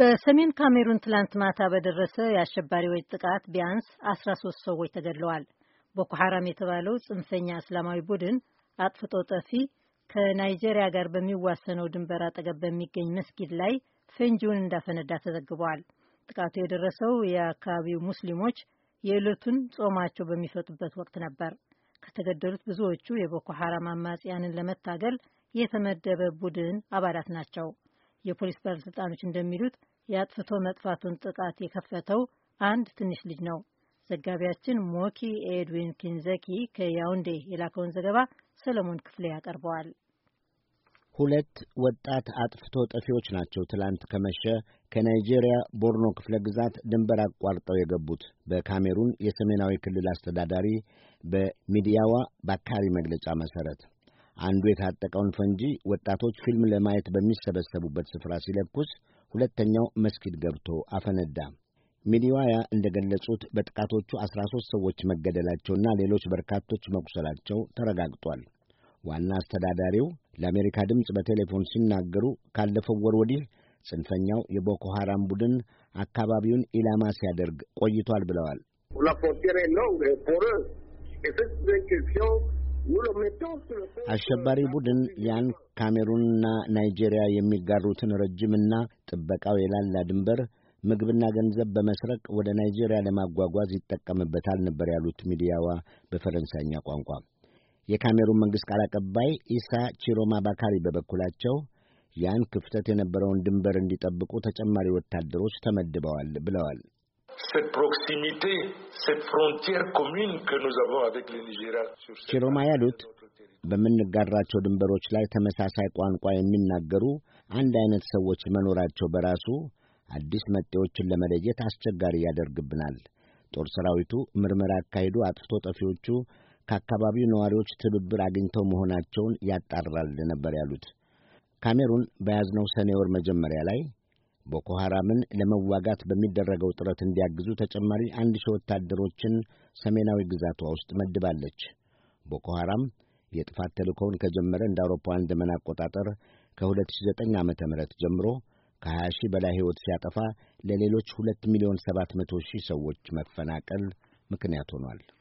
በሰሜን ካሜሩን ትላንት ማታ በደረሰ የአሸባሪዎች ጥቃት ቢያንስ 13 ሰዎች ተገድለዋል። ቦኮ ሐራም የተባለው ጽንፈኛ እስላማዊ ቡድን አጥፍቶ ጠፊ ከናይጄሪያ ጋር በሚዋሰነው ድንበር አጠገብ በሚገኝ መስጊድ ላይ ፈንጂውን እንዳፈነዳ ተዘግበዋል። ጥቃቱ የደረሰው የአካባቢው ሙስሊሞች የዕለቱን ጾማቸው በሚፈጡበት ወቅት ነበር። ከተገደሉት ብዙዎቹ የቦኮ ሐራም አማጽያንን ለመታገል የተመደበ ቡድን አባላት ናቸው። የፖሊስ ባለስልጣኖች እንደሚሉት የአጥፍቶ መጥፋቱን ጥቃት የከፈተው አንድ ትንሽ ልጅ ነው። ዘጋቢያችን ሞኪ ኤድዊን ኪንዘኪ ከያውንዴ የላከውን ዘገባ ሰለሞን ክፍሌ ያቀርበዋል። ሁለት ወጣት አጥፍቶ ጠፊዎች ናቸው ትላንት ከመሸ ከናይጄሪያ ቦርኖ ክፍለ ግዛት ድንበር አቋርጠው የገቡት። በካሜሩን የሰሜናዊ ክልል አስተዳዳሪ በሚዲያዋ ባካሪ መግለጫ መሠረት አንዱ የታጠቀውን ፈንጂ ወጣቶች ፊልም ለማየት በሚሰበሰቡበት ስፍራ ሲለኩስ ሁለተኛው መስጊድ ገብቶ አፈነዳ። እንደ እንደገለጹት በጥቃቶቹ አስራ ሦስት ሰዎች መገደላቸውና ሌሎች በርካቶች መቁሰላቸው ተረጋግጧል። ዋና አስተዳዳሪው ለአሜሪካ ድምፅ በቴሌፎን ሲናገሩ ካለፈው ወር ወዲህ ጽንፈኛው የቦኮ ሐራም ቡድን አካባቢውን ኢላማ ሲያደርግ ቆይቷል ብለዋል። አሸባሪ ቡድን ያን ካሜሩንና ናይጄሪያ የሚጋሩትን ረጅምና ጥበቃው የላላ ድንበር ምግብና ገንዘብ በመስረቅ ወደ ናይጄሪያ ለማጓጓዝ ይጠቀምበታል ነበር ያሉት ሚዲያዋ በፈረንሳይኛ ቋንቋ። የካሜሩን መንግሥት ቃል አቀባይ ኢሳ ቺሮማ ባካሪ በበኩላቸው ያን ክፍተት የነበረውን ድንበር እንዲጠብቁ ተጨማሪ ወታደሮች ተመድበዋል ብለዋል። ቺሮማ ያሉት በምንጋራቸው ድንበሮች ላይ ተመሳሳይ ቋንቋ የሚናገሩ አንድ አይነት ሰዎች መኖራቸው በራሱ አዲስ መጤዎችን ለመለየት አስቸጋሪ ያደርግብናል። ጦር ሰራዊቱ ምርመራ አካሂዶ አጥፍቶ ጠፊዎቹ ከአካባቢው ነዋሪዎች ትብብር አግኝተው መሆናቸውን ያጣራል ነበር ያሉት። ካሜሩን በያዝነው ሰኔ ወር መጀመሪያ ላይ ቦኮ ሐራምን ለመዋጋት በሚደረገው ጥረት እንዲያግዙ ተጨማሪ አንድ ሺህ ወታደሮችን ሰሜናዊ ግዛቷ ውስጥ መድባለች። ቦኮ ሐራም የጥፋት ተልእኮውን ከጀመረ እንደ አውሮፓውያን ዘመን አቆጣጠር ከ2009 ዓ ም ጀምሮ ከ20 ሺህ በላይ ሕይወት ሲያጠፋ ለሌሎች 2 ሚሊዮን 700 ሺህ ሰዎች መፈናቀል ምክንያት ሆኗል።